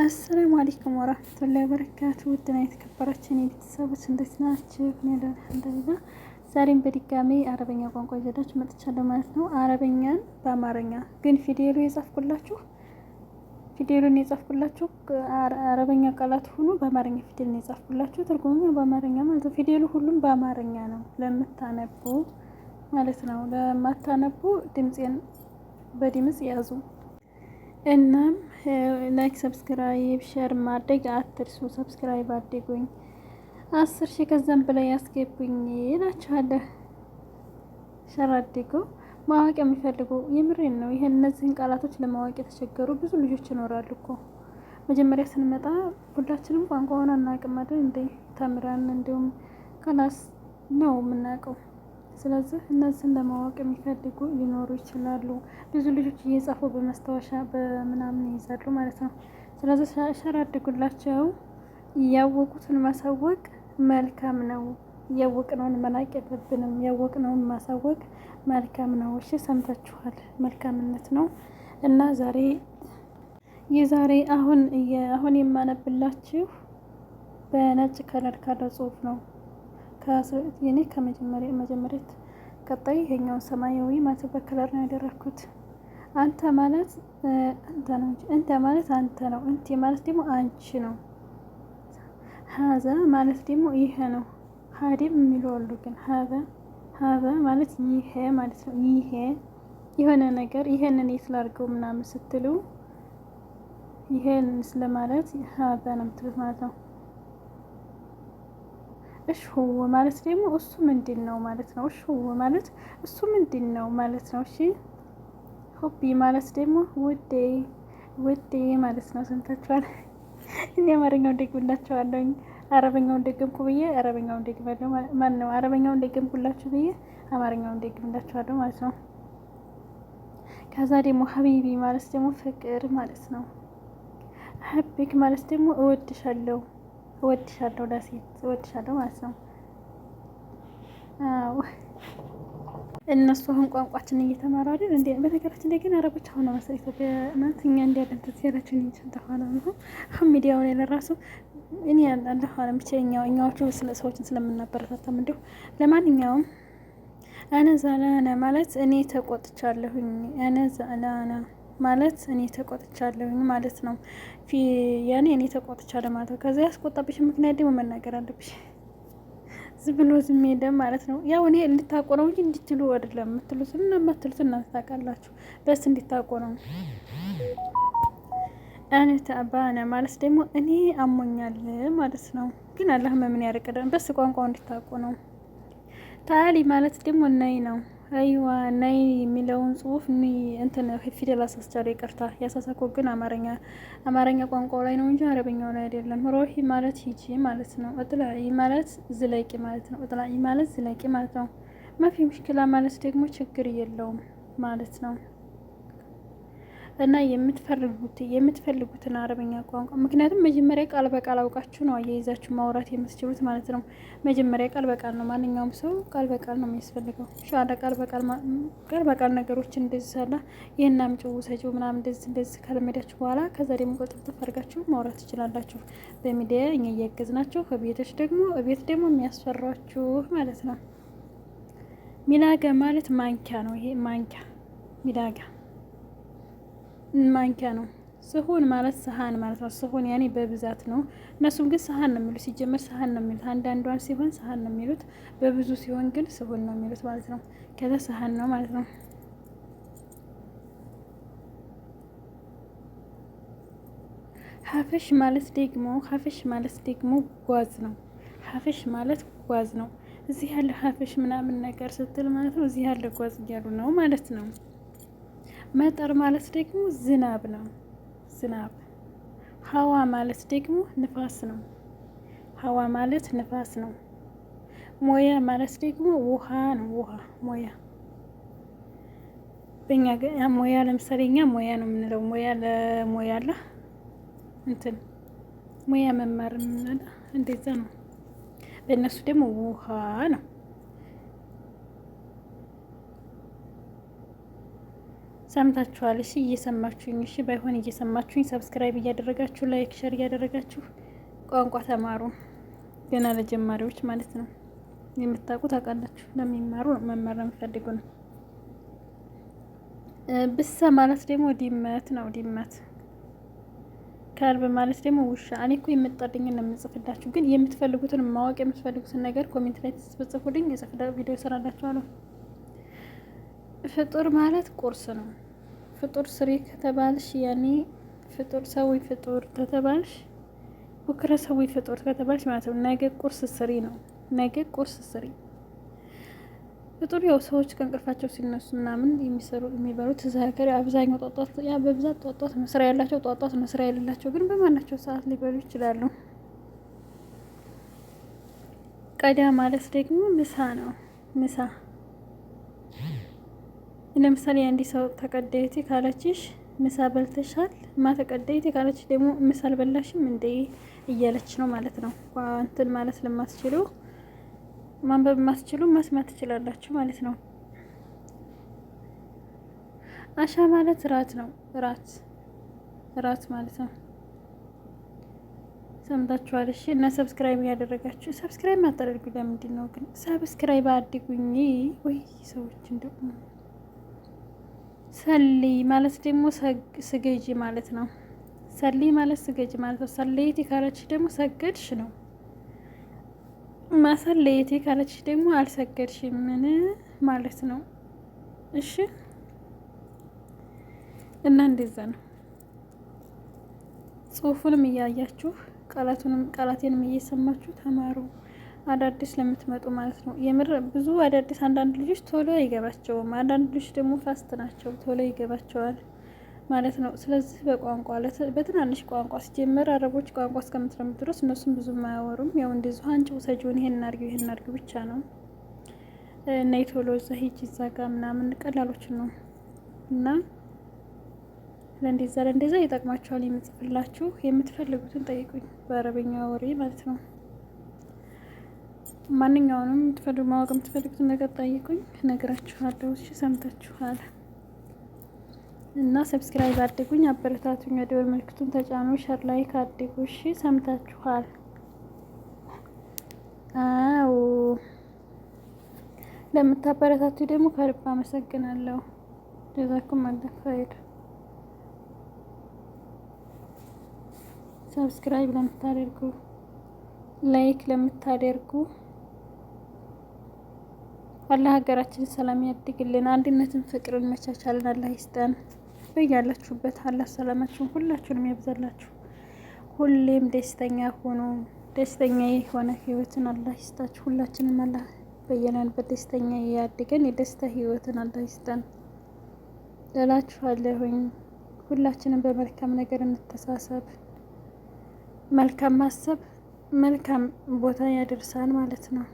አሰላሙ አለይኩም ወራህመቱላሂ ወበረካቱ ውድና የተከበራችሁ የኔ ቤተሰቦች እንዴት ናችሁ? እኔ ደህና አልሐምዱሊላህ። ዛሬም በድጋሚ አረበኛ ቋንቋ ይዘዳችሁ መጥቻለሁ ማለት ነው። አረበኛን በአማርኛ ግን ፊደሉ የጻፍኩላችሁ ፊደሉን የጻፍኩላችሁ አረበኛ ቃላት ሆኖ በአማርኛ ፊደል ነው የጻፍኩላችሁ። ትርጉሙ በአማርኛ ማለት ነው። ፊደሉ ሁሉም በአማርኛ ነው ለምታነቡ ማለት ነው። ለማታነቡ ድምፄን በድምጽ ያዙ። እናም ላይክ፣ ሰብስክራይብ፣ ሸር ማድረግ አትርሱ። ሰብስክራይብ አድርጉኝ አስር ሺ ከዛም በላይ ያስገቡኝ ይላችኋለሁ። ሸር አድርጉ። ማወቅ የሚፈልጉ የምሬን ነው። ይህን እነዚህን ቃላቶች ለማወቅ የተቸገሩ ብዙ ልጆች ይኖራሉ እኮ መጀመሪያ ስንመጣ ሁላችንም ቋንቋውን አናውቅም አይደል? እንደ ተምረን እንዲሁም ከላስ ነው የምናውቀው ስለዚህ እነዚህን ለማወቅ የሚፈልጉ ሊኖሩ ይችላሉ። ብዙ ልጆች እየጻፉ በመስታወሻ በምናምን ይይዛሉ ማለት ነው። ስለዚህ ሸር አድርጉላቸው። ያወቁትን ማሳወቅ መልካም ነው። ያወቅነውን መናቅ የለብንም። ያወቅነውን ማሳወቅ መልካም ነው። እሺ ሰምታችኋል። መልካምነት ነው እና ዛሬ የዛሬ አሁን አሁን የማነብላችሁ በነጭ ከለር ካለ ጽሁፍ ነው። የኔ ከመጀመሪያ መጀመሪያት ቀጣይ ይሄኛውን ሰማያዊ ማለት በከለር ነው ያደረኩት። አንተ ማለት አንተ ነው እንጂ እንተ ማለት አንተ ነው። እንቲ ማለት ደግሞ አንቺ ነው። ሀዛ ማለት ደግሞ ይሄ ነው። ሀዲም የሚሉ አሉ ግን ሀዛ ሀዛ ማለት ይሄ ማለት ነው። ይሄ የሆነ ነገር ይሄንን የስላርገው ምናምን ስትሉ ይሄን ስለማለት ሀዛ ነው የምትሉት ማለት ነው። እሹ ማለት ደግሞ እሱ ምንድን ነው ማለት ነው። እሽሁ ማለት እሱ ምንድን ነው ማለት ነው። እሺ ሆቢ ማለት ደግሞ ውዴ ውዴ ማለት ነው። ሰምታችኋል። እኔ አማርኛውን ደግምላችኋለሁኝ አረበኛውን ደግምኩ ብዬ አረበኛውን ደግማለሁ ማለት ነው። አረበኛውን ደግምኩላችሁ ብዬ አማርኛውን ደግምላችኋለሁ ማለት ነው። ከዛ ደግሞ ሀቢቢ ማለት ደግሞ ፍቅር ማለት ነው። ሀቢክ ማለት ደግሞ እወድሻለሁ እወድሻለሁ ለሴት እወድሻለሁ ማለት ነው። አዎ እነሱ አሁን ቋንቋችንን እየተማሩ አይደል እንዴ? በነገራችን ላይ ግን አረቦች አሁን ነው መሰለኝ ኢትዮጵያ ማለት እኛ እንዲያለን ተዚያላችሁ እንጂ ተኋላ ነው አሁን ሚዲያው ላይ ለራሱ እኔ አንድ ኋላ ብቻ እኛው እኛዎቹ ስለ ሰዎችን ስለምናበረታታም እንዲሁ ለማንኛውም አነ ዘላና ማለት እኔ ተቆጥቻለሁኝ አነ ዘላና ማለት እኔ ተቆጥቻለሁኝ ማለት ነው። ያኔ እኔ ተቆጥቻለሁ ማለት ነው። ከዚያ ያስቆጣብሽ ምክንያት ደግሞ መናገር አለብሽ። ዝም ብሎ ዝም ሄደም ማለት ነው። ያው እኔ እንድታቆ ነው እንጂ እንድትሉ አይደለም። የምትሉት እና የማትሉት እናንተ ታውቃላችሁ። በስ እንድታቆ ነው። አነት ተአባነ ማለት ደግሞ እኔ አሞኛል ማለት ነው። ግን አላህ መምን ያርቅልን። በስ ቋንቋው እንድታቆ ነው። ታሊ ማለት ደግሞ ነይ ነው። አይዋ ነይ የሚለውን ጽሁፍ እንትን ፊደል አሳስቻለ። ይቅርታ ያሳሳኮ ግን አማርኛ አማርኛ ቋንቋ ላይ ነው እንጂ አረበኛው ላይ አይደለም። ሮሂ ማለት ሂጂ ማለት ነው። እጥላዒ ማለት ዝለቂ ማለት ነው። እጥላዒ ማለት ዝለቂ ማለት ነው። መፊ ሙሽኪላ ማለት ደግሞ ችግር የለውም ማለት ነው። እና የምትፈልጉት የምትፈልጉትን አረበኛ ቋንቋ ምክንያቱም መጀመሪያ ቃል በቃል አውቃችሁ ነው አያይዛችሁ ማውራት የምትችሉት ማለት ነው። መጀመሪያ ቃል በቃል ነው። ማንኛውም ሰው ቃል በቃል ነው የሚያስፈልገው። ሻለ ቃል በቃል ቃል በቃል ነገሮች እንደዚህ ሳለ ይህን አምጪ ውሰጪው ምናምን እንደዚህ እንደዚህ ከለመዳችሁ በኋላ ከዛ ደግሞ ቆጥብጥፍ አድርጋችሁ ማውራት ትችላላችሁ። በሚዲያ እኛ እያገዝናችሁ ከቤቶች ደግሞ እቤት ደግሞ የሚያስፈሯችሁ ማለት ነው። ሚላጋ ማለት ማንኪያ ነው። ይሄ ማንኪያ ሚላጋ ማንኪያ ነው። ስሁን ማለት ሰሀን ማለት ነው። ስሁን ያኔ በብዛት ነው። እነሱም ግን ሰሀን ነው የሚሉት። ሲጀመር ሰሀን ነው የሚሉት። አንዳንዷን ሲሆን ሰሀን ነው የሚሉት። በብዙ ሲሆን ግን ስሁን ነው የሚሉት ማለት ነው። ከዛ ሰሀን ነው ማለት ነው። ሀፍሽ ማለት ደግሞ ሀፍሽ ማለት ደግሞ ጓዝ ነው። ሀፍሽ ማለት ጓዝ ነው። እዚህ ያለ ሀፍሽ ምናምን ነገር ስትል ማለት ነው። እዚህ ያለ ጓዝ እያሉ ነው ማለት ነው። መጠር ማለት ደግሞ ዝናብ ነው። ዝናብ ሀዋ ማለት ደግሞ ንፋስ ነው። ሀዋ ማለት ንፋስ ነው። ሞያ ማለት ደግሞ ውሃ ነው። ውሃ ሞያ በእኛ ሞያ ለምሳሌ እኛ ሞያ ነው የምንለው። ሞያ ለሞያ አለ እንትን ሞያ መማር የምንለው እንደዛ ነው። በእነሱ ደግሞ ውሃ ነው። ሰምታችኋል። እሺ እየሰማችሁኝ፣ እሺ ባይሆን እየሰማችሁኝ፣ ሰብስክራይብ እያደረጋችሁ ላይክ፣ ሸር እያደረጋችሁ ቋንቋ ተማሩ። ገና ለጀማሪዎች ማለት ነው። የምታውቁ ታውቃላችሁ፣ ለሚማሩ መማር ለሚፈልጉ ነው። ብሰ ማለት ደግሞ ድመት ነው። ድመት ከልብ ማለት ደግሞ ውሻ። እኔ እኮ የምትጠልኝን ነው የምጽፍላችሁ፣ ግን የምትፈልጉትን ማወቅ የምትፈልጉትን ነገር ኮሜንት ላይ ትጽፉልኝ፣ የጽፍ ቪዲዮ ይሰራላችኋለሁ። ፍጡር ማለት ቁርስ ነው። ፍጡር ስሪ ከተባልሽ ያኔ ፍጡር ሰዊ ፍጡር ከተባልሽ ቡክረ ሰዊ ፍጡር ከተባልሽ ማለት ነው። ነገ ቁርስ ስሪ ነው። ነገ ቁርስ ስሪ ፍጡር ያው ሰዎች ከእንቅልፋቸው ሲነሱ ምናምን የሚሰሩ የሚበሉት እዛ ሀገር አብዛኛው ጧጧት ያ በብዛት ጧጧት መስሪያ ያላቸው ጧጧት መስሪያ የሌላቸው ግን በማናቸው ሰዓት ሊበሉ ይችላሉ። ቀዳ ማለት ደግሞ ምሳ ነው። ምሳ ለምሳሌ አንድ ሰው ተቀዳይቴ ካለችሽ ምሳ በልተሻል፣ ማ ቀዳይቴ ካለች ደግሞ ምሳ አልበላሽም እንዴ እያለች ነው ማለት ነው። እንትን ማለት ለማትችሉ ማንበብ ማትችሉ መስማት ትችላላችሁ ማለት ነው። አሻ ማለት ራት ነው። ራት ራት ማለት ነው። ሰምታችኋል። እሺ እና ሰብስክራይብ ያደረጋችሁ ሰብስክራይብ ማታደርጉ ለምንድን ነው ግን? ሰብስክራይብ አድጉኝ ወይ ሰዎች እንደው ሰሊ ማለት ደግሞ ስገጂ ማለት ነው። ሰሊ ማለት ስገጂ ማለት ነው። ሰለይቲ ካለች ደግሞ ሰገድሽ ነው። ማሰለይቲ ካለች ደግሞ አልሰገድሽ ምን ማለት ነው? እሺ እና እንደዛ ነው። ጽሁፉንም እያያችሁ ቃላቱንም ቃላቴንም እየሰማችሁ ተማሩ። አዳዲስ ለምትመጡ ማለት ነው። የምር ብዙ አዳዲስ አንዳንድ ልጆች ቶሎ አይገባቸውም። አንዳንድ ልጆች ደግሞ ፋስት ናቸው፣ ቶሎ ይገባቸዋል ማለት ነው። ስለዚህ በቋንቋ በትናንሽ ቋንቋ ሲጀመር አረቦች ቋንቋ እስከምትለምዱ ድረስ እነሱም ብዙ አያወሩም። ያው እንደዚሁ አንጭ ውሰጂውን ይሄን አድርጊው ይሄን አድርጊው ብቻ ነው እና የቶሎ እዛ ሂጅ እዛ ጋ ምናምን ቀላሎች ነው እና ለእንደዛ ለእንደዛ ይጠቅማቸዋል። የምጽፍላችሁ የምትፈልጉትን ጠይቁኝ፣ በአረበኛ ወሬ ማለት ነው። ማንኛውንም ትፈልጉ ማወቅ የምትፈልጉትን ነገር ጠይቁኝ፣ እነግራችኋለሁ። እሺ ሰምታችኋል እና ሰብስክራይብ አድጉኝ፣ አበረታቱኝ፣ የደወል ምልክቱን ተጫኑ፣ ሸር ላይክ አድጉ። እሺ ሰምታችኋል። አዎ ለምታበረታቱ ደግሞ ከልብ አመሰግናለሁ። ጀዛኩም አላህ ኸይር። ሰብስክራይብ ለምታደርጉ ላይክ ለምታደርጉ አላህ ሀገራችን ሰላም ያድግልን፣ አንድነትን፣ ፍቅርን፣ መቻቻልን አላህ ይስጠን። በያላችሁበት አላህ ሰላማችሁን ሁላችሁንም ያብዛላችሁ። ሁሌም ደስተኛ ሆኖ ደስተኛ የሆነ ህይወትን አላህ ይስጣችሁ። ሁላችንም አላህ በየለንበት ደስተኛ ያድገን፣ የደስታ ህይወትን አላህ ይስጠን እላችኋለሁኝ። ሁላችንም በመልካም ነገር እንተሳሰብ። መልካም ማሰብ መልካም ቦታ ያደርሳል ማለት ነው።